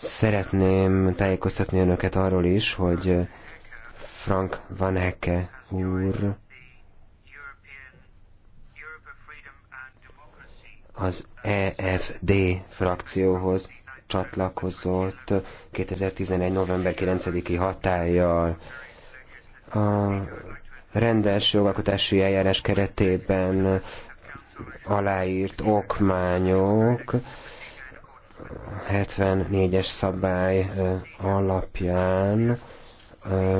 Szeretném tájékoztatni önöket arról is, hogy Frank Van Hecke úr az EFD frakcióhoz csatlakozott 2011. november 9-i hatállyal. A rendes jogalkotási eljárás keretében aláírt okmányok 74-es szabály alapján